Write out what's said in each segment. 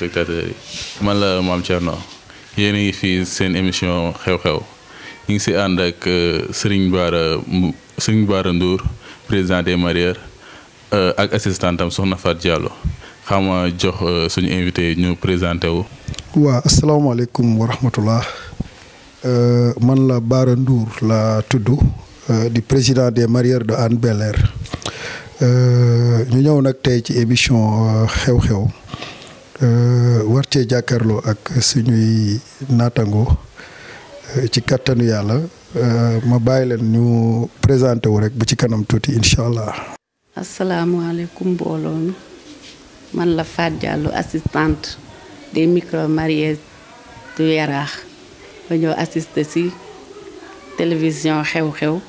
téléspectateurs yi man la Mame Thierno yéen a ngi fii seen émission xew-xew ñu ngi si ànd ak euh, Serigne Bara Serigne Bara Ndour président des marieurs ak assistante am Soxna Fat Diallo xam nga jox euh, suñu invité ñu présenté wu. waa asalaamaaleykum wa rahmatullah euh, man la Bara Ndour la tudd di président des marieurs de Hann Bel-Air ñu ñëw nag tey ci émission xew-xew Euh, war cee jàkkaarloo ak suñuy naatango euh, ci kattanu yàlla euh, ma bàyyi leen ñu présenté wu rek bu ci kanam tuuti incha allah. asalaamaaleykum mbooloo mi man la Fat jàll assistante des micro mariés du Yaraax ba ñëw assister ci télévision xew-xew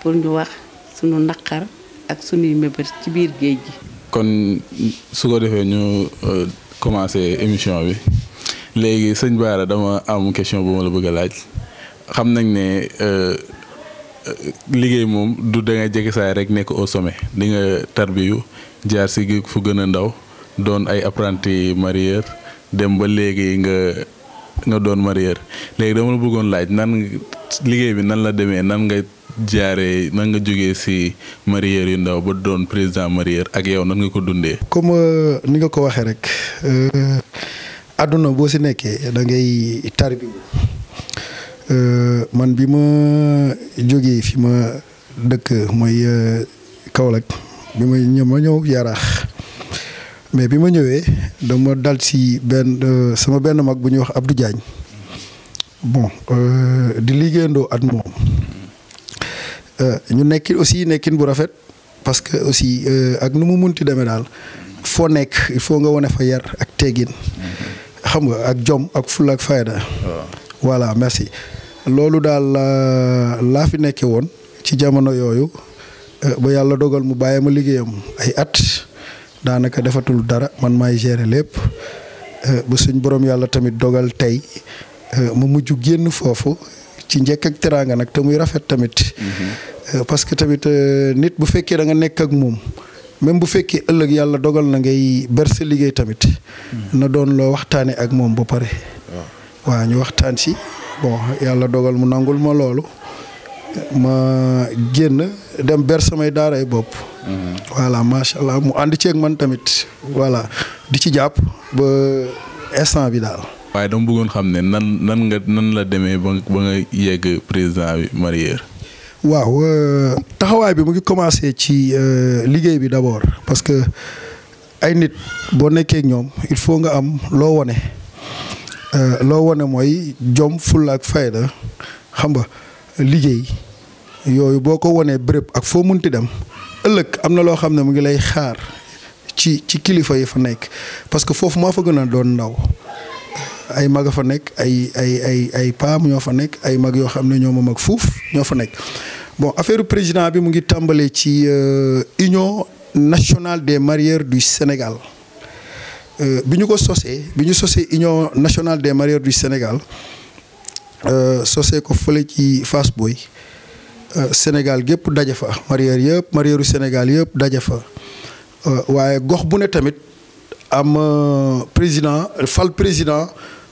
pour ñu wax sunu naqar ak sunuy mébét ci biir géej gi. kon su ko defee ñu. commencé émission bi léegi sëñ Bara dama am question bu ma la bëgg a laaj xam nañ ne euh, liggéey moom du da nga saay rek nekk au sommet di nga tarbiyu jaar si fu gën ndaw doon ay apprenti mareyeur dem ba léegi nga nga doon mareyeur léegi dama la bëggoon laaj nan liggéey bi nan la demee nan nga Jare, na nga joge si marier yu ndaw ba doon président marier ak yow nan nga ko dundé comme euh, ni nga ko waxé rek aduna euh, bo si nekké da ngay tarbi euh, man bi ma jógee fi ma dekk moy kaolack bi ma ñëw ma ñëw yaraax mais bi ma dama dal ci ben sama ben mag bu ñu wax abdou diagne bon di ligéndo at Euh, ñu nekki aussi nekkin bu rafet parce que aussi euh, ak nu mu munti demee daal foo nekk il faut nga wane fa yar ak teggin xam nga ak jom ak fulla ak fayda voilà merci loolu daal laa fi nekke woon ci jamono yooyu euh, ba yàlla dogal mu bàyyi ma liggéeyam ay at daanaka defatul dara man maay gérer lépp ba suñ borom yàlla tamit dogal tey mu mujj génn foofu ci njëkk ak teraanga nag te muy rafet tamit. Euh, parce que tamit euh, nit bu fekkee da nga nekk ak moom. même bu fekkee ëllëg yàlla dogal na ngay berse liggéey tamit. Hmm. na doon loo waxtaanee ak moom ba pare. Ah. waa ñu waxtaan si bon yàlla dogal mu nangul ma loolu. ma génn dem ber samay daaray bopp. Hmm. voilà macha allah mu ànd ceeg man tamit. voilà di ci jàpp ba instant bi daal. waaye dama bëggoon xam ne nan nan nga nan la demee ba ba nga yegg président bi Marieur. waaw euh, taxawaay bi mu ngi commencé ci euh, liggéey bi d'abord parce que ay nit boo nekkee ñoom il faut nga am loo wone euh, loo wone mooy jom fulla ak fayda xam nga liggéey yooyu boo ko wonee béréb ak foo munti dem ëllëg am na loo xam ne mu ngi lay xaar ci ci kilifa yi fa nekk parce que foofu maa fa gën a doon ndaw ay mag a fa nekk ay ay ay ay pam ñoo fa nek ay mag yo xamne ne ñoo ma mag fuuf fa bon affaire président bi mu ngi tambalé ci euh, union nationale des mareyeurs du Sénégal euh, bi ñu ko sosee biñu ñu union nationale des mareyeurs du Sénégal euh, sosee ko fële ci Fass boy Sénégal gep daje fa mareyeurs yëpp mareyeurs du Sénégal yëpp daje fa waye gox bu ne tamit am président fal président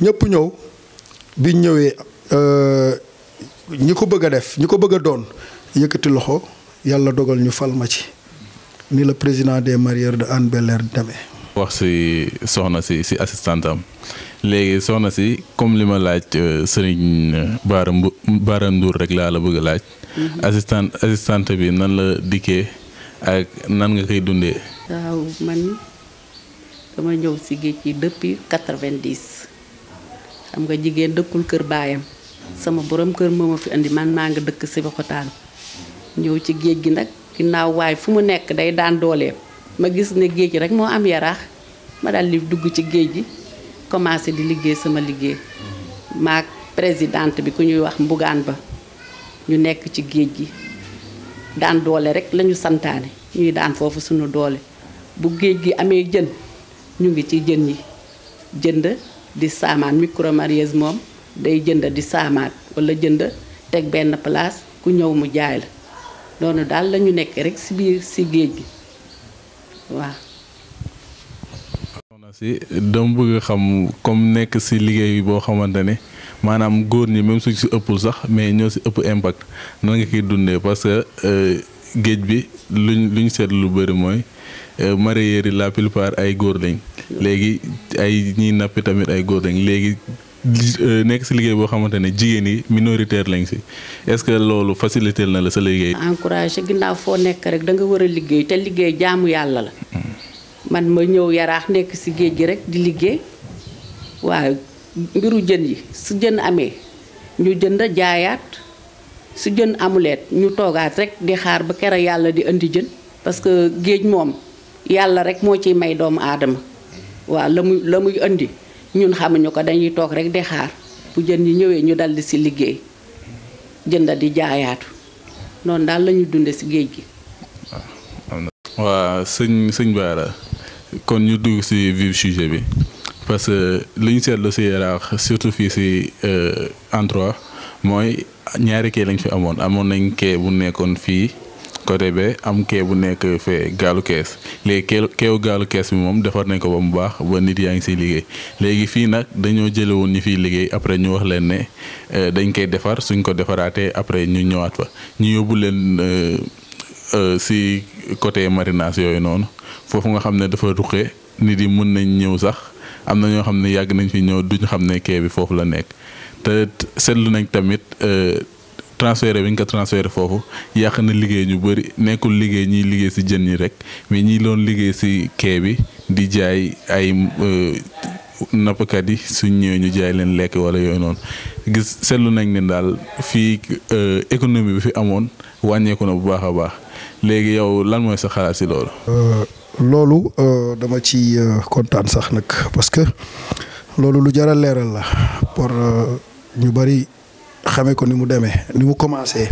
ñëpp ñëw bi ñëwee euh, ñi ko bëgg a def ñi ko bëgg a doon yëkkati loxo yàlla dogal ñu fal ma ci ni la président des mareyeurs de Hann Bel-Air demee. wax si soxna si si assistante am léegi soxna si comme li ma laaj euh, Serigne Bara Bara nduur rek laa la bëgg laaj. Mhm. assistante assistante bi nan la dikkee ak nan nga koy dundee. xam nga jigéen dëkkul kër baayam sama borom kër moo ma fi indi man maa ngi dëkk si Sébikotane ñëw ci géej gi nag ginnaaw waay fu mu nekk day daan dooleem ma gis ne géej gi rek moo am yaraax ma daal di dugg ci géej gi commencé di liggéey sama liggéey maag présidente bi ku ñuy wax mbugaan ba ñu nekk ci géej gi daan doole rek lañu santaane ñuy daan foofu suñu doole bu géej gi amee jën ñu ngi ci jën yi jënd di saamaan micro moom day jënd di saamaat wala jënd teg benn place ku ñëw mu jaay la noonu daal lañu ñu nekk rek si biir si géej gi waaw. si dama bëgg xam comme nekk si liggéey boo xamante ne maanaam góor ñi même su si ëppul sax mais ñoo si ëpp impact nan nga koy dundee parce que euh, géej bi lu luñ seet lu bari mooy. Euh, mareyeurs yi la plupart ay góor lañ léegi ay ñiy nappi tamit ay góor lañ léegi euh, nekk si liggéey boo xamante ne jigéen yi minoritaire lañ si est que loolu facilité na la sa liggéey. encouragé ginnaaw foo nekk rek da nga war a liggéey te liggéey jaamu yàlla la. man ma ñëw yaraax nekk si géej gi rek di liggéey waa mbiru jën yi su jën amee ñu jënd jaayaat su jën amuleet ñu toogaat rek di xaar ba kera yàlla di indi jën parce que géej moom. yàlla rek moo ciy may doomu aadama waaw la muy indi ñun xamuñu ko dañuy toog rek di xaar bu jën yi ñëwee ñu daldi ci liggéey jën da di jaayaatu noonu daal la ñuy dunde ci géej gi waa sëñ sëñ Bara kon ñu dugg ci vif sujet bi parce que li seetlu ci Yaraax surtout fii ci entroit euh, mooy ñaari kee lañ fi amoon amoon nañ kee bu nekkoon fii côté be am kee bu nekk fee gaalu kees léegi kee keewu gaalu kees bi moom defar nañ ko ba mu baax ba nit yaa ngi siy liggéey léegi fii nag dañoo jële woon ñu fiy liggéey après ñu wax leen ne euh, dañ koy defar suñ ko defaraatee après ñu ñëwaat fa ñu yóbbu leen euh, euh, si côté marinage yooyu noonu foofu nga xam ne dafa ruqee nit yi mën nañ ñëw sax am na ñoo xam ne yàgg nañ fi ñëw duñ xam ne kee bi foofu la nekk te seetlu nañ tamit transféré bi ñu ko transféré foofu yàq na liggéey ñu bëri nekkul liggéey ñiy liggéey si jën yi rek mais ñi loon liggéey si kee bi di jaay ay euh, nappkat yi suñ ñëwee ñu jaay leen lekk wala yooyu noonu gis seetlu nañ ne daal fii euh, économie bi fi amoon wàññeeku na bu baax a baax léegi yow lan mooy sa xalaat si loolu. Euh, loolu dama ci kontaan sax nag parce que loolu lu jar a leeral la pour ñu bari. xamee ko ni mu demee ni mu commencé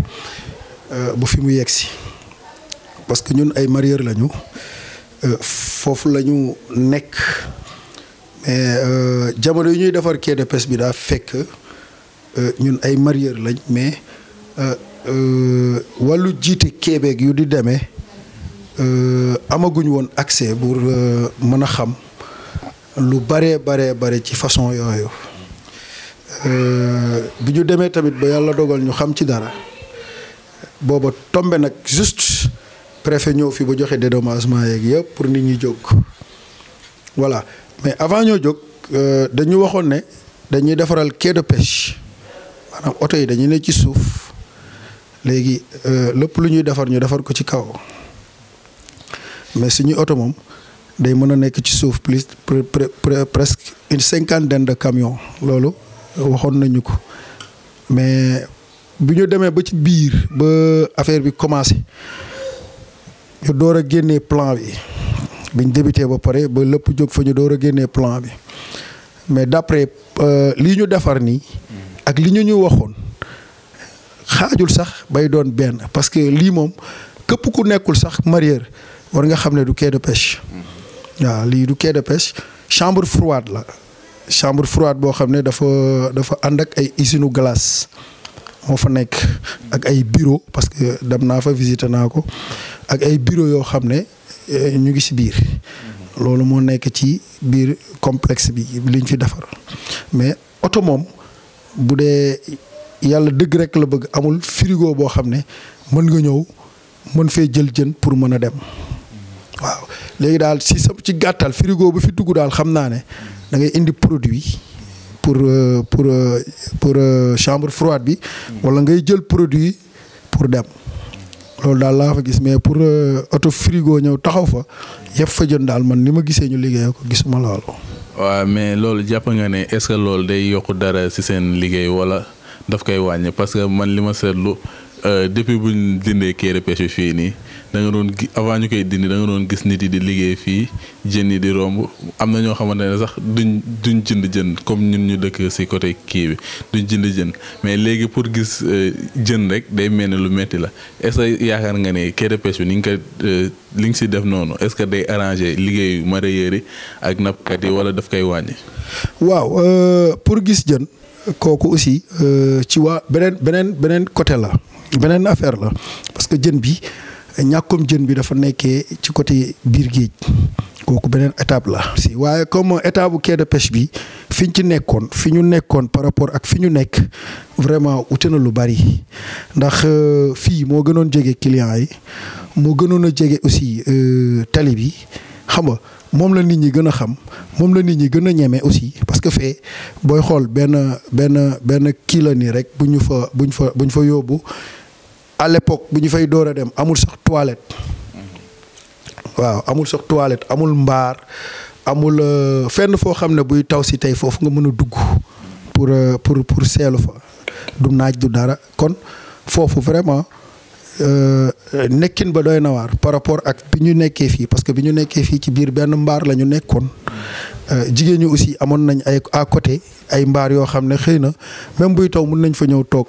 euh, bu fi mu yegg si parce que ñun ay marieur lañu euh, foofu la ñu nekk mais euh, jamono yu ñuy defar quai de pêche bi daa fekk ñun ay marieur lañ mais wàllu jiite quai yu di demee amaguñ woon accès pour mën a xam lu baree baree bare ci façon yooyu. Euh, bi ñu demee tamit ba yàlla dogal ñu xam ci dara booba tombe nag juste préfet ñëw fi ba joxe dédommagement yeeg yëpp pour nit ñi jóg voilà mais avant ñoo jóg euh, dañu waxoon ne dañuy defaral quai de pêche maanaam oto yi dañu ne ci suuf léegi euh, lépp lu ñuy defar ñu defar ko ci kaw mais suñuy oto moom day mën a nekk ci suuf plus presque une cinquantaine de camion loolu waxon nañu ko mais bi démé ba ci biir ba affaire bi commencé ñu doora génné plan bi biñ débuté ba pare ba lepp jog fa ñu door a plan bi mais d'après euh, li ñu défar ni ak li ñu ñu waxoon sax bay doon ben parce que li mom kep ku nekkul sax marier war nga xamné du quai de pêche ya mm-hmm. li du quai de pêche chambre froide la chambre froide boo xam ne dafa dafa ànd ak ay usine glace moo fa nekk ak ay bureau parce que dem naa fa visité naa ko ak ay bureau yoo xam ne eh, ñu ngi si biir loolu moo nekk ci biir complexe bi liñ fi defar mais oto moom bu dee yàlla dëgg rekk la bëgg amul frigo boo xam ne mën nga ñëw mën fee jël jën pour mën a dem waaw léegi daal si sa ci gàttal frigo bu fi dugg daal xam naa ne da ngay indi produit pour euh, pour euh, pour euh, chambre froide bi wala ngay jël produit pour dem loolu daal laa fa gis mais pour oto frigo ñëw taxaw fa yëpp fa jën daal man ni ma gisee ñu liggéey ko gis ma loolu. waa mais loolu jàpp nga ne est-ce que loolu day yokk dara ci seen liggéey wala daf koy wàññi parce que man li ma seetlu depuis bu ñu dindee quai de bi fii nii. da nga doon avant ñu koy dindi da doon gis nit yi di liggéey fii jën yi di romb am na ñoo xamante ne sax duñ duñ jënd jën comme ñun ñu dëkk si côté kii bi duñ jënd jën mais léegi pour gis euh, jën rek day mel ne lu metti la est yaakaar nga ne quai de pêche bi ni nga ko euh, li nga si def noonu est-ce que day arranger liggéeyu mareyeurs yi ak nappkat yi wala daf koy wàññi. waaw euh, pour gis jën. kooku aussi ci waa beneen beneen beneen côté la beneen affaire la parce que jën bi. ñàkkum jën bi dafa nekkee ci côté biir géej kooku beneen étape la si waaye comme étape bu quai de bi fi ñu ci nekkoon fi ñu nekkoon par rapport ak fi ñu nekk vraiment ute na lu bari ndax euh, fii moo gënoon jege clients yi moo gënoon a jege aussi euh, tali bi xam nga moom la nit ñi gën a xam moom la nit ñi gën a ñeme aussi parce que fee booy xool benn benn benn kii la nii rek bu ñu fa bu ñu fa bu ñu fa yóbbu à l'époque buñu fay doora dem amul sax toilette waaw amul sax toilette amul mbar amul euh, fenn fo xam buy taw si tey foofu nga mëna dugg pour euh, pour pour seelu fa du naaj du dara kon fofu vraiment euh, nekkin ba doyna war par rapport ak biñu nekké fi parce que biñu nekké fi ci bir ben mbar lañu ñu nekkoon jigéen ñi aussi amon nañ ay à côté ay mbar yo xam xeyna même buy taw mun nañ fa ñëw tok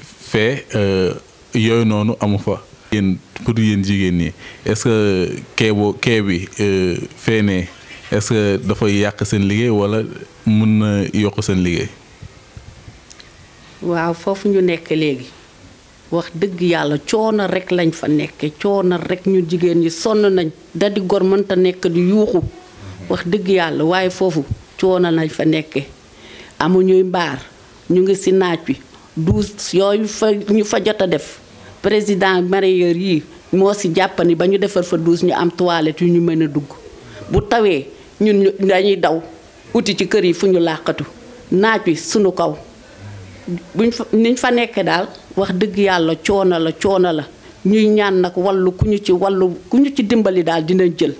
fee euh, yooyu noonu amu fa. yéen pour yéen jigéen ñi est-ce que kee boo kee euh, fee ne est-ce dafay yàq seen liggéey walla mën na yokk seen liggéey. waaw foofu ñu nekk léegi wax dëgg yàlla coono rek lañ fa nekke coono rek ñu jigéen ñi sonn nañ dadi gor mënta nekk di yuuxu wax dëgg yàlla waaye foofu coono lañ fa nekke amuñuy mbaar ñu ngi si naaj wi douze yooyu fa ñu fa jot a def président mareyeur yi moo si jàppani ba ñu defar fa douze ñu am tuwalet yu ñu mën a dugg bu tawee ñun dañuy daw wuti ci kër yi fu ñu làqatu naaj wi sunu kaw buñ fa niñ fa nekkee daal wax dëgg yàlla coono la coono la ñuy ñaan nag wallu ku ñu ci wallu ku ñu ci dimbali daal dinañ jël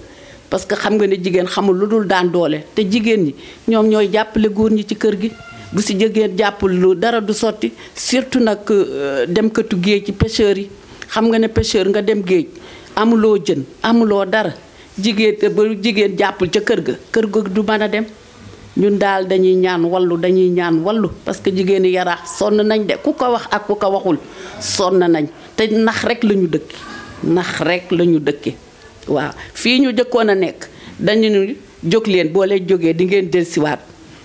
parce que xam nga ne jigéen xamul lu dul daan doole te jigéen ñi ñoom ñooy jàppale góor ñi ci kër gi bu si jegeen jàppul lu dara du sotti surtout nag euh, dem katu géej ci pêcheurs yi xam nga ne pêcheur nga dem géej amuloo jën amuloo dara jigéen jigéen jàppul ca kër ga kër ga du mën a dem ñun daal dañuy ñaan wallu dañuy ñaan wallu parce que jigéeni yaraax sonn nañ de ku ko wax ak ku ko waxul sonn nañ te nax rek la ñu dëkki nax rek lañu ñu dëkki waaw fii ñu jëkkoon a nekk dañu jóg leen boo leen jógee di ngeen delsiwaat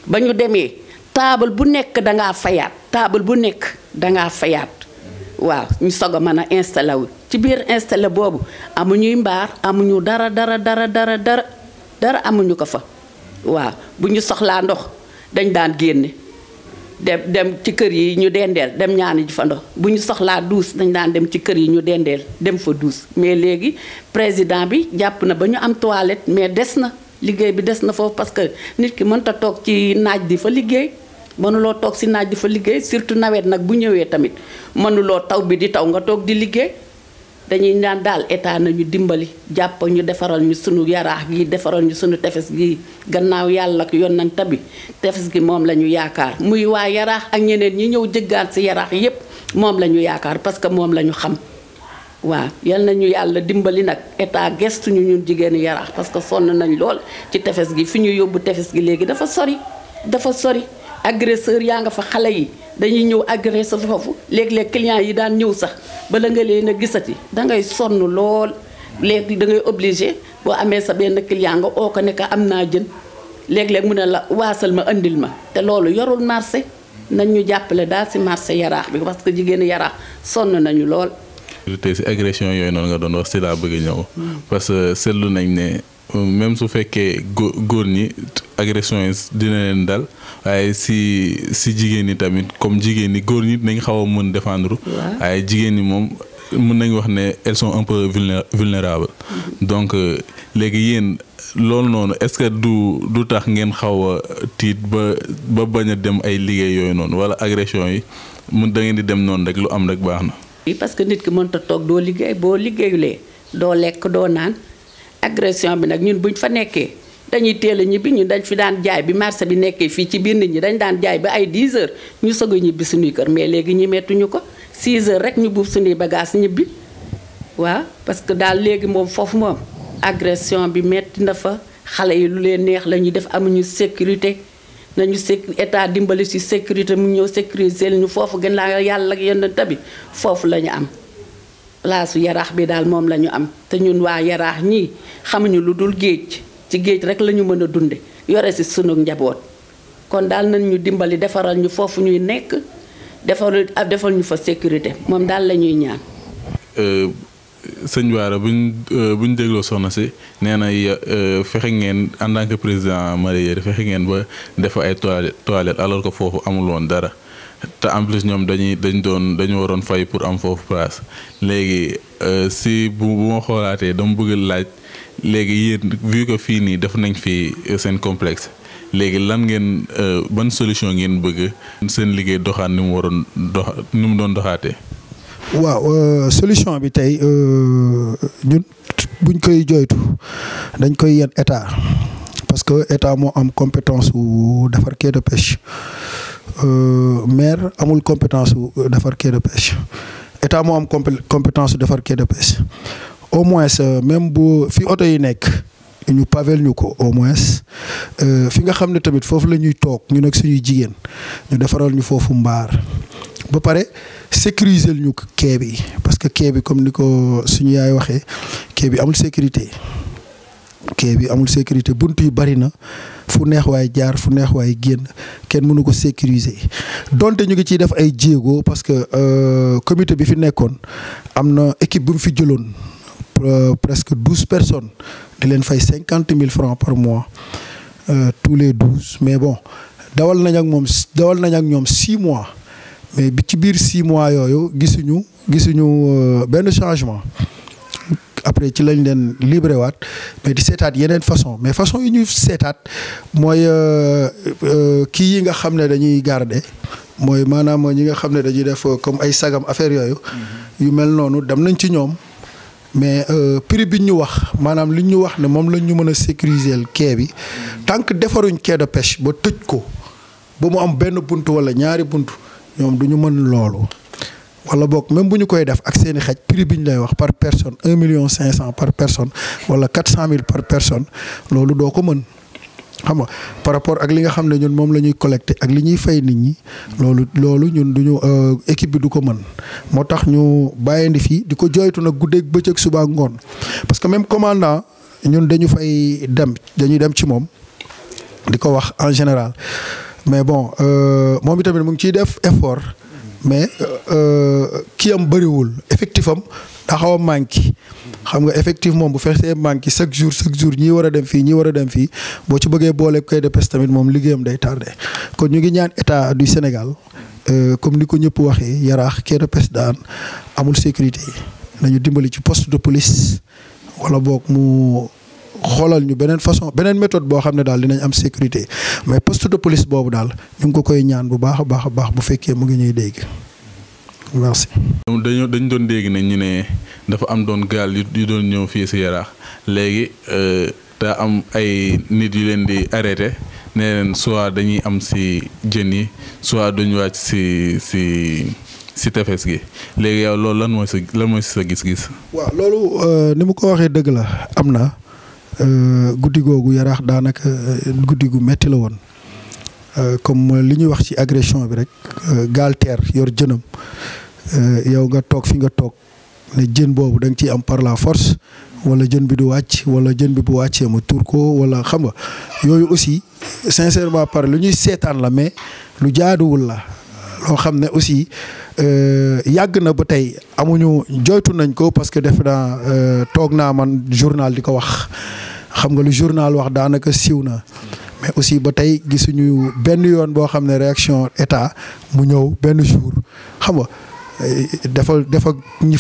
ba ñu demee taabal bu nekk dangaa fayaat taabal bu nekk dangaa fayaat waaw ñu soog a mën a installé wu ci biir installé boobu amuñuy mbaar amuñu dara dara dara dara dara dara amuñu ko fa waaw bu ñu soxlaa ndox dañ daan génne dem dem ci kër yi ñu dendeel dem ñaani ji fa bu ñu soxlaa duus dañ daan dem ci kër yi ñu dendeel dem fa duus mais léegi président bi jàpp na ba ñu am toilette mais des na liggéey bi des na foofu parce que nit ki mënta toog ci naaj di fa liggéey mënuloo toog si naaj di fa liggéey surtout nawet nag bu ñëwee tamit mënuloo taw bi di taw nga toog di liggéey dañuy naan daal état nañu dimbali jàpp ñu defaral ñu sunu yaraax gi defaral ñu sunu tefes gi gannaaw yàlla yoon yonent bi tefes gi moom la ñu yaakaar muy waa yaraax ak ñeneen ñi ñëw jëggaan si yaraax yépp moom la ñu yaakaar parce que moom la ñu xam waaw yal nañu yàlla dimbali nag état gestuñu ñun jigéenu yaraax parce que sonn nañ lool ci tefes gi fi ñu yóbbu tefes gi léegi dafa sori agresseur yaa nga fa xale yi dañuy ñëw agresseur foofu léeg-léeg clients yi daan ñëw sax bala nga leen a gisati dangay sonn lool léegi dangay obligé boo amee sa benn client nga oo ko ne am naa jën léegi léeg mu ne la waasal ma andil ma te loolu yorul marché nañ ñu jàppale daal ci marché yaraax bi parce que jigéen yaraax sonn nañu lool. tey ci agression yooyu noonu nga doon wax ci laa bëgg ñëw hmm. parce que seetlu nañ ne. même su fekkee gó góor ñi agression yi dina leen dal waaye si si jigéen ñi tamit comme jigéen ñi góor ñi nañ xaw a mën défendre. waaye jigéen ñi moom mën nañ wax ne elles sont un peu vulnérables. Mm-hmm. donc euh, léegi yéen loolu noonu est-ce que du du tax ngeen xaw a tiit ba ba bañ a dem ay liggéey yooyu noonu wala agression yi mun da ngeen di dem noonu rek lu am rek baax na. oui parce que nit ki mënta toog doo liggéey boo liggéeyulee doo lekk doo naan. agression bi nag ñun bu ñu fa nekkee dañuy teel a ñibbi ñun dañ fi daan jaay bi marché bi nekkee fii ci biir nit ñi dañ daan jaay ba ay 10 heures ñu soog a ñibbi suñuy kër mais léegi ñi mettuñu ko 6 heures rek ñu buub suñuy bagage ñibbi waa parce que daal léegi moom foofu moom agression bi metti na fa xale yi lu leen neex la ñuy def amuñu sécurité nañu sé état dimbali si sécurité mu ñëw sécuriser ñu foofu gën laa yàlla ak yenn tabi foofu la ñu am laasu yaraax bi daal moom lañu am te ñun waa yaraax ñii xamuñu lu dul géej ci géej rek lañu ñu mën a dunde yore si sunu njaboot kon daal nañ ñu dimbali defaral ñu foofu ñuy nekk defaral defal ñu fa sécurité moom daal la ñuy ñaan. Euh, sëñ Bara buñ euh, buñ dégloo soxna si nee na euh, fexe ngeen en tant président Marie Yére fexe ngeen ba def ay toilettes alors ko foofu amul woon dara. te en ñoom dañuy dañ doon dañu waroon fay pour am foofu place léegi euh, si bu bu ma xoolaatee dama bëgg laaj léegi yéen vu que fii nii def nañ fi euh, seen complexe léegi lan ngeen euh, ban solution ngeen bëgg seen liggéey doxaat ni mu waroon dox mu doon doxaatee. waaw solution bi tey ñun buñ koy joytu dañ koy yenn état parce que état moo am compétence su defar quai de Euh, maire amul compétence euh, de faire quai de pêche état a am compétence de faire quai de au moins euh, même si fi auto yi nek ñu pavel au moins fi nga xamne tamit fofu nous tok ñu ñu ñu ba sécuriser parce que quai bi comme nous suñu yaay waxé quai sécurité kebi amul sécurité buntu yu bari na fu neex way jaar fu neex way genn kenn mënu ko sécuriser donte ñu ngi ci def ay djégo parce que euh comité bi fi nekkon amna équipe bu fi jëlon euh, presque 12 personnes di len fay 50 000 francs par mois euh tous les 12 mais bon dawal nañ ak mom dawal nañ ak ñom 6 mois mais bi ci bir 6 mois yoyu gisunu gisunu euh, ben changement après ci lañ leen libéré waat mais di seetaat yeneen façon mais façon yu ñuy seetaat mooy euh, euh, kii yi nga xam ne dañuy garder mooy maanaam ñi nga xam ne dañuy def comme ay sagam affaire yooyu. Mhm. yu mel noonu dem nañ ci ñoom. mais euh, prix bi ñu wax maanaam li ñu wax ne moom la ñu mën a sécuriser quai bi mhm. tant que defaruñ quai de pêche ba tëj ko ba mu am benn bunt walla ñaari bunt ñoom du ñu mën loolu. wala bok même bu koy def ak seeni i xaj prix biñ lay wax par personne 1 million 500 par personne wala 400000 par personne loolu doo ko mën xam nga par rapport ak li nga xamne ñun mom lañuy collecter ak li ñuy fay nit ñi loolu loolu ñun duñu euh équipe bi du ko mën moo ñu bàyyandi fii diko ko joytu nag guddeeg bëccëg suba ak ngoon parce que même commandant ñun dañu fay dem dañuy dem ci mom diko wax en général mais bon euh moom itamit mu ngi ci def effort. mais euh, kii am bëriwul effectif am daa xaw a xam nga effectif moom bu fekkee manqué chaque jour chaque jour ñii war a dem fii ñii war a dem fii boo ci bëggee boole kay de pes tamit moom liggéeyam day tardé kon ñu ngi ñaan état du Sénégal euh, comme ni ko ñëpp waxee yaraax kay de pes daan amul sécurité nañu dimbali ci poste de police wala boog mu. xoolal ñu beneen façon beneen méthode boo xam ne daal dinañ am sécurité mais poste de police boobu daal ñu ko koy ñaan bu baax a baax bu fekkee mu ngi ñuy dégg merci. dañu dañ doon dégg ne ñu ne dafa am doon gaal yu doon ñëw fii si yaraax léegi euh, daa am ay nit yu leen di arrêté nee leen dañuy am si jën yi soit duñu wàcc si si. si tefes gi léegi yow lan mooy sa lan mooy sa gis-gis. Euh, ni mu ko waxee dëgg la am na Euh, guddi googu yaraax daanaka euh, guddi gu metti la woon euh, comme li ñuy wax ci agression bi rek gaal teer yor jënam yow nga toog fi nga toog ne jën boobu da nga ciy am par la force wala jën bi du wàcc wala jën bi bu wàccee ma tuur ko wala xam nga yooyu aussi sincèrement par lu ñuy seetaan la mais lu jaaduwul la loo xam ne aussi euh, yàgg na ba tey amuñu joytu nañ ko parce que def naa euh, toog naa man journal di ko wax xam nga lu journal wax daanaka siw na mais aussi ba tey gisuñu benn yoon boo xam ne réaction état mu ñëw benn jour xam nga euh, dafa dafa ñi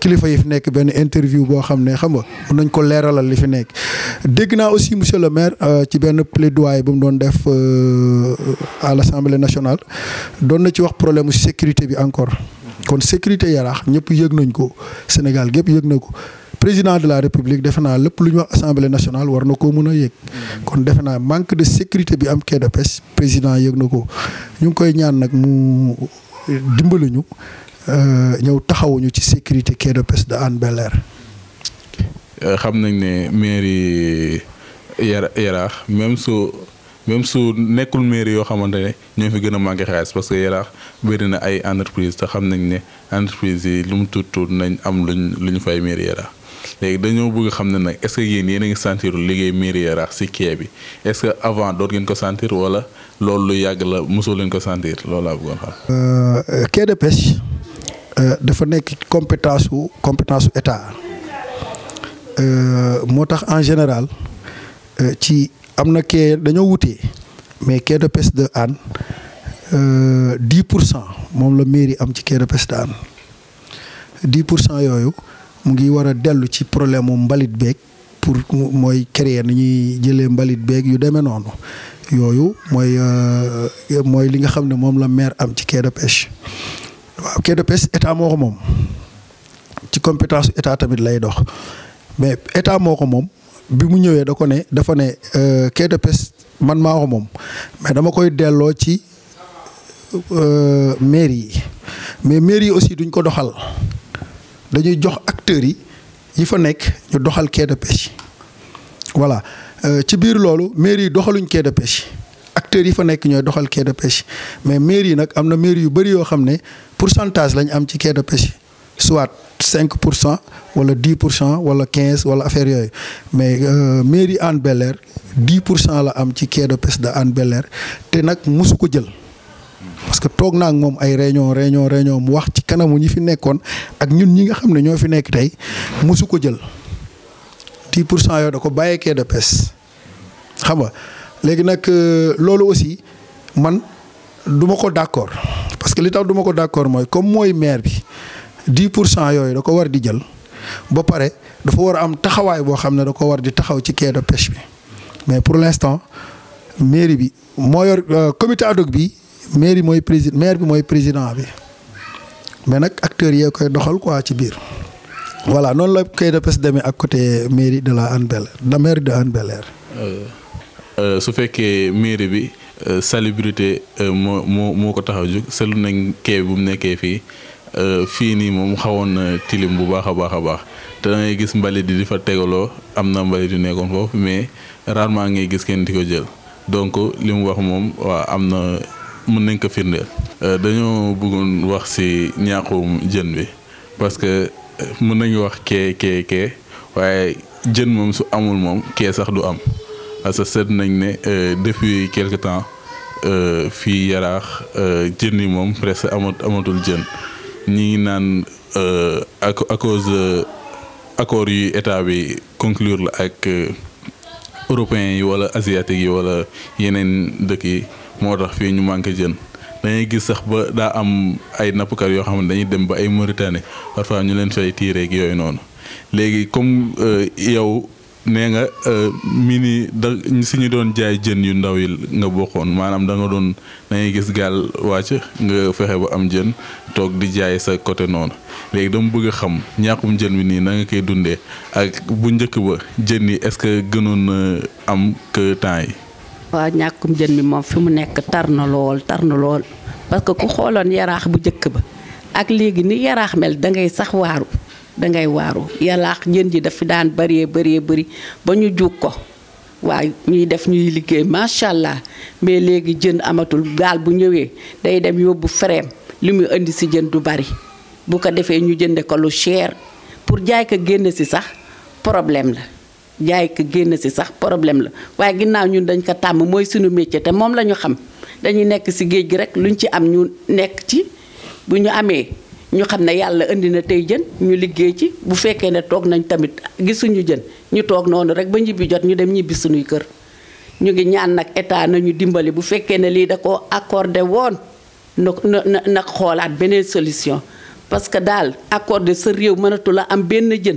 kilifa yi fi nekk benn interview boo xam ne xam nga mun nañ ko leeralal li fi nekk dégg aussi monsieur le maire euh, ci ben plaidoyer bu mu def euh, à l'Assemblée nationale don na ci wax problème sécurité bi encore kon sécurité yaraax ñep yegg nañ ko Sénégal gépp yegg na ko président de la république defe naa lépp lu ñu wax assemblée nationale war na koo mën a kon defe manque de sécurité bi am quai de pêche président yegg na ko ñu koy ñaan nak mu dimbali ñu euh, ñëw ñu ci sécurité quai de pêche de Euh, xam nañ ne mairie yara yaraax même su même su nekkul mairie yoo xamante ne ñoo fi gën a manqué xaalis parce que yaraax bëri na ay entreprise te xam nañ ne entreprise yi lu mu tuut tuut nañ am luñ lu ñu fay mairie yaraax léegi dañoo bëgg xam ne nag est ce que yéen yéen a ngi sentir liggéey mairie yaraax si kee bi est ce que avant doot ngeen ko sentir wala loolu lu yàgg la mosoo leen ko sentir loolu laa bëggoon xam. Euh, quai de pêche euh, dafa nekk compétence su compétence su état. Euh, motax en général euh, ci amna ké kee wouté mais ké de peste de Hann euh 10% mom la mairie am ci ké de peste de 10% yoyu mu ngi wara a ci problème mbalit bék pour moy créer ni ñuy jëlee mbalit bék yu nonu yoyu moy euh moy li nga xamné mom la maire am ci ké de peste waaw quai de peste état moo ko ci compétence état tamit lay dox. mais état moo ko moom bi mu ñëwee da ko ne dafa ne euh, quai de pêche man maa ko moom mais dama koy delloo ci euh, mairie yi mais mairie yi aussi duñ ko doxal dañuy jox acteurs yi yi fa nekk ñu doxal quai de pêche voilà euh, ci biir loolu mairie yi doxaluñu quai de pêche acteurs yi fa nekk ñooy doxal quai de pêche mais mairie yi nag am na mairie yu bëri yoo xam ne pourcentage lañ am ci quai de pêche soit cinq pour cent wala dix pour cent wala quinze wala affaire yooyu mais euh, mairie Hann Bel-Air dix pour cent la am ci quai de pêche de Hann bel te nag mosu ko jël. parce que toog naa ak moom ay réunion réunion réunion mu wax ci kanamu ñi fi nekkoon ak ñun ñi nga xam ne ñoo fi nekk tey mosu ko jël dix pour cent yooyu da ko bàyyee quai de pêche xam nga léegi nag euh, loolu aussi man du ma ko d' accord parce que li tax du ma ko d' mooy comme mooy maire bi. 10 pour cent yooyu da ko war di jël ba pare dafa war a am taxawaay boo xam ne da ko war di taxaw ci quai de pêche bi mais pour l'instant mairie bi moo yor euh, comité ad hoc bi mairie mooy président maire bi mooy président bi mais nag acteurs yee koy doxal quoi ci biir voilà noonu la quai de pêche demee ak côté mairie de la Hann Bel-Air mairie de Hann bel euh, euh, su fekkee mairie bi salubrité moo moo moo ko tax a jóg seetlu nañ quai bu mu nekkee fii. Euh, fii nii moom xawoon na tilim bu baax a baax a baax te da gis mbalit yi di fa tegaloo am na mbalit yu nekkoon foofu mais rarement ngay gis kenn di ko jël donc li mu wax moom waa am na mën nañ ko firndeel. Euh, dañoo bëggoon wax ci ñaaxum jën bi parce que mën nañu wax kee kee kee waaye jën moom su amul moom kee sax du am parce que seet nañ ne euh, depuis quelque temps fii yaraax jën yi moom presque amatul jën. ñi ngi naan euh, à cause accords yu état bi conclure la ak euh, européens yi wala asiatiques yi wala yeneen dëkk yi moo tax fii ñu manqué jën dañuy gis sax ba daa am ay nappkat yoo xam ne dañuy dem ba ay Mauritanie parfois ñu leen fay tiireeg yooyu noonu léegi comme euh, yow nee nga euh, ni da si ñu doon jaay jën yu ndaw yi nga bokkoon maanaam da doon da ngay gis gaal wàcc nga fexe ba am jën toog di jaay sa côté noonu léegi dama bëgg xam ñàkkum jën bi nii na nga koy dundee ak bu njëkk ba jën yi est-ce que gënoon na am que temps yi. waaw ñàkkum jën bi moom fi mu nekk tar na lool tar na lool parce que ku xooloon yaraax bu njëkk ba ak léegi ni yaraax mel da sax waaru. dangay waaru yàllaax jën ji daf daan bëree bëree bëri ba ñu juug ko waa ñuy def ñuy liggéey macha allah mais léegi jën amatul gaal bu ñëwee day dem yóbbu fereem li muy indi si jën du bari bu ko defee ñu jënde ko lu cher pour jaay ko génn si sax problème la jaay ko génn si sax problème la waaye ginnaaw ñun dañ ko tàmm mooy suñu métier moom la ñu xam dañuy nekk si géej gi rek luñ ci am ñu nekk ci bu ñu amee ñu xam ne yàlla indi na tey jën ñu liggéey ci bu fekkee ne toog nañ tamit gisuñu jën ñu toog noonu rek ba ñibbi jot ñu dem ñibbi suñuy kër ñu ngi ñaan nag état nañu dimbali bu fekkee ne lii da ko accordé woon na na xoolaat beneen solution parce que daal accordé sa réew mënatu la am benn jën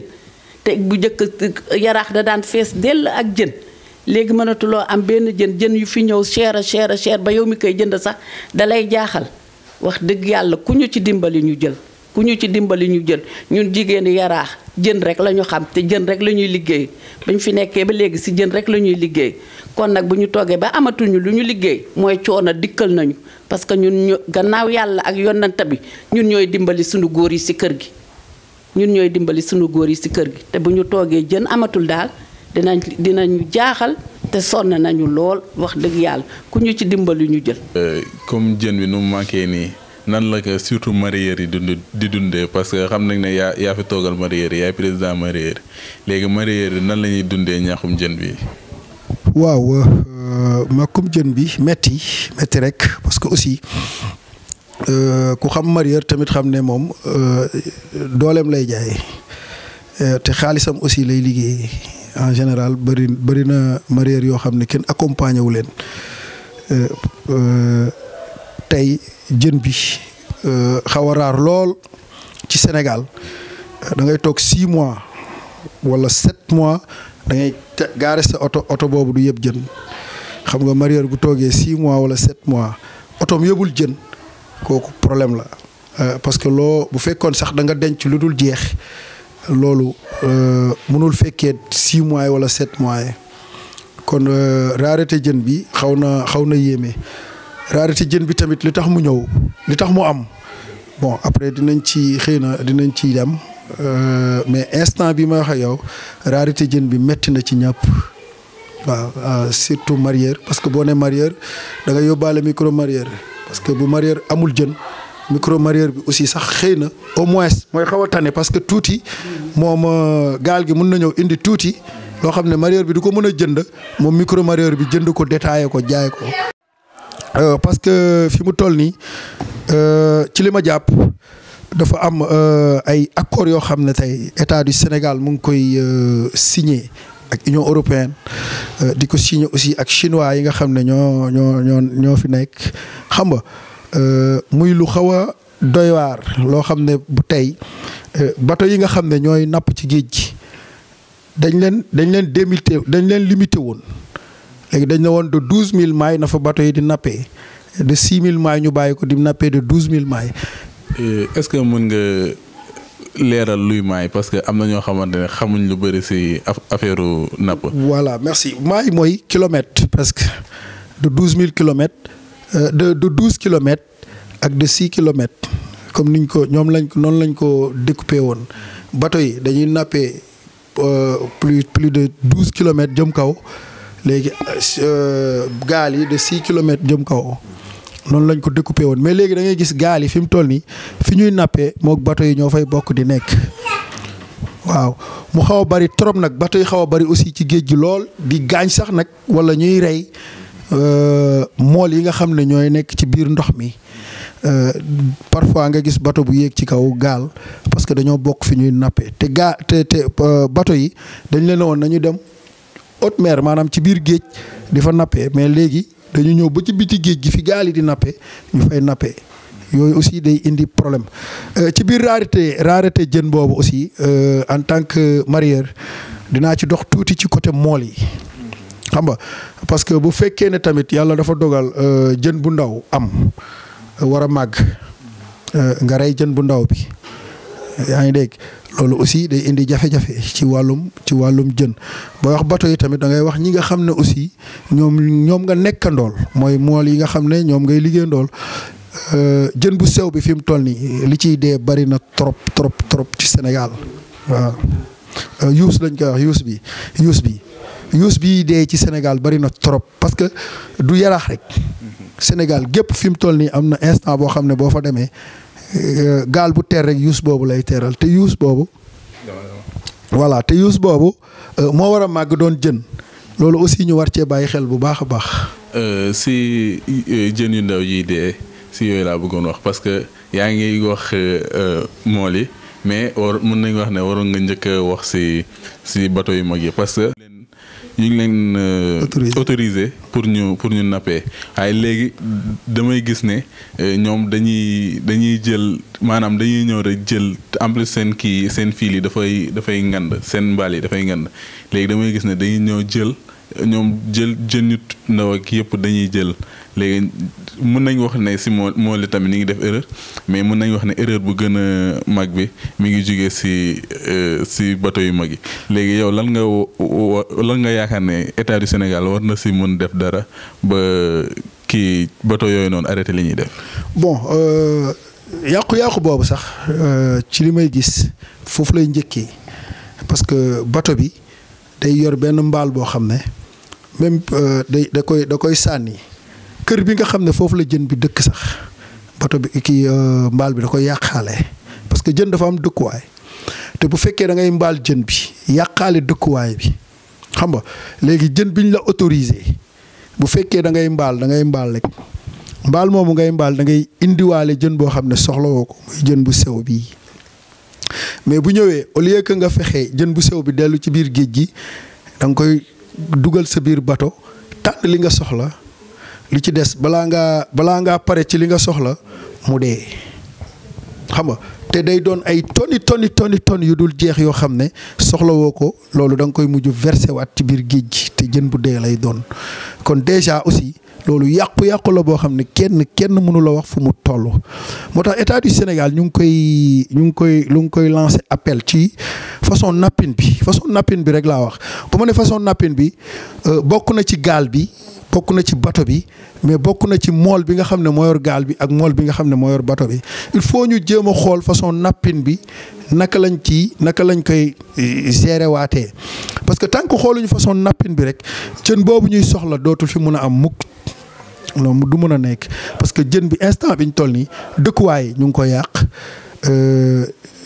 te bu njëkk yaraax da daan fees dell ak jën léegi mënatuloo am benn jën jën yu fi ñëw cher a cher a ba yow mi koy jënd sax dalay jaaxal wax dëgg yàlla ku ñu ci dimbali ñu jël ku ñu ci dimbali ñu jël ñun jigéeni yaraax jën rek lañu xam te jën rek la ñuy liggéey ba ñu fi nekkee ba léegi si jën rek la ñuy liggéey kon nag bu ñu toogee ba amatuñu lu ñu liggéey mooy coono dikkal nañu parce que ñun ñu gannaaw yàlla ak yonanta bi ñun ñooy dimbali suñu góor yi si kër gi ñun ñooy dimbali sunu góor yi si kër gi te bu ñu toogee jën amatul daal dinañ dinañu jaaxal te sonn nañu lool wax dëgg yàlla ku ñu ci dimbali ñu jël. Euh, comme jën bi nu mu manqué nii nan la surtout mareyeurs yi dund di dundee parce que xam nañ ne yaa yaa fi toogal mareyeurs yi yaay président mareyeurs léegi mareyeurs nan la dundee ñaxum jën bi. waaw makum euh, jën bi metti metti rek parce que aussi euh, ku xam mareyeur tamit xam ne moom dooleem lay jaay te xaalisam aussi lay liggéey. en général bëri bëri na marier yoo xam ne kenn accompagné wu leen euh, euh, tey jën bi euh, xaw a raar lool ci Sénégal da ngay toog six mois wala sept mois da ngay gaare sa oto oto boobu du yëpp jën xam nga marier bu toogee six mois wala sept mois otoom yëbul jën kooku problème la parce que loo bu fekkoon sax da nga denc lu dul jeex loolu euh, mënul fekkee six mois yi wala sept mois yi kon euh, rareté jën bi xaw na xaw na yéeme rareté jën bi tamit li tax mu ñëw li tax mu am bon après dinañ ci xëy na dinañ ci dem euh, mais instant bi ma wax ak yow rareté jën bi metti na ci ñàpp waaw surtout mareyeur parce que boo ne mareyeur danga yóbbaale micro mareyeur parce que bu mareyeur amul jën micro-mareyeur bi aussi sax xëy na au moins mooy xaw a tane parce que tuuti moom euh, gaal gi mun na ñëw indi tuuti loo xam ne mareyeur bi du ko mën a jënd moom micro-mareyeur bi jënd ko détaillé ko jaay ko. Euh, parce que fi mu toll nii euh, ci lima jàpp dafa am ay accords yoo xam ne tey état du Sénégal mu ngi koy signé. ak Union européenne di ko signé aussi ak chinois yi nga xam ne ñoo ñoo ñoo fi nekk xam nga. Euh, muy lu xaw a doy waar loo xam ne bu tey euh, bato yi nga xam ne ñooy napp ci géej gi dañ leen dañ leen délimité dañ leen limité woon léegi dañ ne woon de douze mille mailles na fa bato yi di nappee de six ñu bàyyi ko di nappee de douze mille mailles. Euh, est-ce que mën nga leeral luy maay parce que am na ñoo xamante ne xamuñ lu bëri si affaire napp. voilà merci maay mooy kilomètre presque de douze mille kilomètres. Euh, de de douze kilomètres ak de six kilomètres comme niñ ko ñoom lañ ko noonu lañ ko découpé woon bato yi dañuy nappee euh, plus plus de douze kilomètres jëm kaw léegi euh, gaal yi de six kilomètres jëm kaw noonu lañ ko découpé woon mais léegi da ngay gis gaal yi fi mu toll nii fi ñuy nappee mook bato yi ñoo fay bokk di nekk waaw mu xaw a bari trop nag bateau yi xaw a bari aussi ci géej gi lool di gaañ sax nag wala ñuy rey. Euh, mool yi nga xam ne ñooy nekk ci biir ndox mi euh, parfois nga gis bato bu yéeg ci kaw gaal parce que dañoo bokk fi ñuy nappe te gaa te te euh, bato yi dañ leen woon nañu dem haute mer maanaam ci biir géej di fa nappe mais léegi dañu ñëw ba ci biti géej gi fi gaal yi di nappe ñu fay nappe yooyu aussi day indi problème ci biir rareté rareté jën boobu aussi en tant que mareyeur dinaa ci dox tuuti ci côté mool yi. xam nga parce que bu fekke ne tamit yalla dafa dogal jeun bu ndaw am euh, wara mag euh nga ray jeun bu ndaw bi yaa deg usi aussi day indi jafe-jafe ci walum ci walum jeun booy wax bato yi tamit da ngay wax ñi nga xamne ne aussi ñom ñom nga nekkandool moy mool yi nga xam ne ñoom ngay euh jeun bu sew bi fim tolni li ci dé bari na trop trop trop ci Sénégal waaw euh, yous lañ ko wax yous bi yous bi. yuus bi dee ci Sénégal bari na trop parce que du yaraax rek Sénégal gépp fi mu toll nii am na instant boo xam ne boo fa demee euh, gaal bu teer rek yuus boobu lay teeral te yuus boobu. voilà te yuus boobu euh, moo war a màgg doon jën loolu aussi ñu war cee bàyyi xel bu baax a baax. Euh, si jën yu ndaw yi dee si yooyu laa bëggoon wax parce que yaa ngi wax mool yi mais war mën nañu wax ne waroon nga njëkk wax si si yu mag yi parce ñu ngi leen. Euh, autoriser pour ñu pour ñu nappee waaye léegi damay gis ne euh, ñoom dañuy dañuy jël maanaam dañuy ñëw rek jël en seen kii seen fiil yi dafay dafay ngand seen mbaal yi dafay ngand léegi damay gis ne dañuy ñëw jël ñoom jël jën ñu ndaw ak yëpp dañuy jël. léegi mun nañ wax ne si moo moo li tamit ni ngi def erreur mais mun nañ wax ne erreur bu gën a mag bi mi ngi jógee si euh, si bateau yu mag yi léegi yow lan nga lan nga yaakaar ne état du Sénégal war na si mun def dara ba kii bateau yooyu noonu arrêté li ñuy def. bon euh, yàqu-yàqu boobu sax euh, ci li may gis foofu lay njëkkee parce que bateau bi day yor benn mbaal boo xam ne même day da koy da koy sànni. kër bi nga xam ne foofu la jën bi dëkk sax bato bi kii euh, mbaal bi da koy yàqaale parce que jën dafa am dëkkuwaay te bu fekkee da ngay mbaal jën bi yàqaale dëkkuwaay bi xam nga léegi jën biñ la autorisé bu fekkee da ngay mbaal da ngay mbaal rek mbaal moomu ngay mbaal da ngay indiwaale jën boo xam ne soxlawoo ko muy jën bu sew bii mais bu ñëwee au lieu que nga fexe jën bu sew bi dellu ci biir géej gi da nga koy dugal sa biir bato tànn li nga soxla. li ci dess bala nga bala nga pare ci li nga soxla mu dee xam nga té day doon ay toni toni toni toni yu dul jeex yo xamné soxla woko lolu dang koy muju verser wat ci bir géej té te bu dé lay doon kon déjà aussi lolu yàqu-yàqu la bo xamné kenn kenn mënu la wax fu mu toll état du Sénégal ñu ngi koy ñu ngi koy lu ngi koy appel ci façon napine bi façon napine bi rek la wax bu ma façon napine bi euh, bokku na ci gal bi bokk na ci bato bi mais bokk na ci mool bi nga xam ne moo yor gaal bi ak mool bi nga xam ne moo bato bi il faut ñu jéem a xool façon nappin bi naka lañ ci naka lañ koy e, gérer waatee parce que tant que xooluñu façon nappin bi rek jën boobu ñuy soxla dootul fi mun a am mukk loolu du mën a nekk parce que jën bi instant biñ toll nii dëkkuwaay ñu ngi koy yàq euh,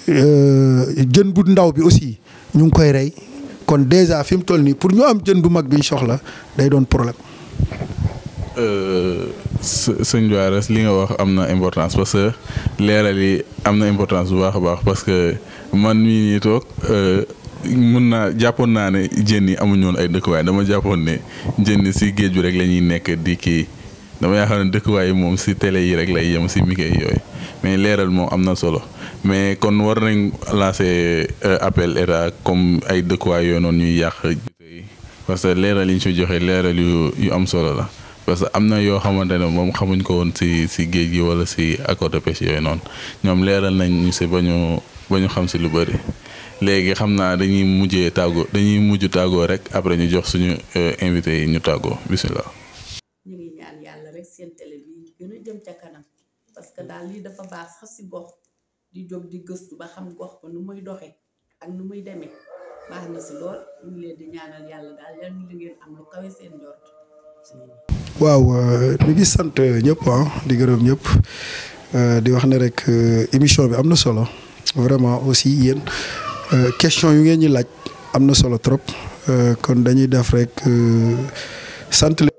euh, jën bu ndaw bi aussi ñu ngi koy rey kon déjà fi mu toll nii pour ñu am jën bu mag biñ soxla day doon problème. Euh, sëñ Diouarès li nga wax am na importance parce que leeral yi am na importance bu baax a baax parce que man mii nii toog euh, mun naa jàppoon naa ne jën yi amuñu woon ay dëkkuwaay dama jàppoon ne jën yi si géej bi rek la ñuy nekk di kii dama xam ne dëkkuwaay yi moom si tele yi rek lay yem si mike yi yooyu mais leeral moom am na solo mais kon war nañ lancer euh, appel état comme ay dëkkuwaay yooyu noonu ñuy yàq. parce que leeral yi ñu si joxee leeral yu yu am solo la parce que am na yoo xamante ne moom xamuñ ko woon si si géej gi wala si accord de yooyu noonu ñoom leeral nañ ñu si ba ñu ba ñu xam si lu bëri léegi xam naa dañuy mujjee tàggoo dañuy mujj tàggoo rek après ñu jox suñu euh, invité yi ñu tàggoo bisimilah. ñu parce que daal lii dafa baax sax si gox di jóg di gëstu ba xam gox ba nu muy doxee ak nu muy demee. waaw euh, ñu ngi sant euh, ñëpp ah di gërëm ñëpp euh, di wax ne rek émission bi am na solo vraiment aussi yéen question yu ngeen ñi laaj am na solo trop kon dañuy def rek sant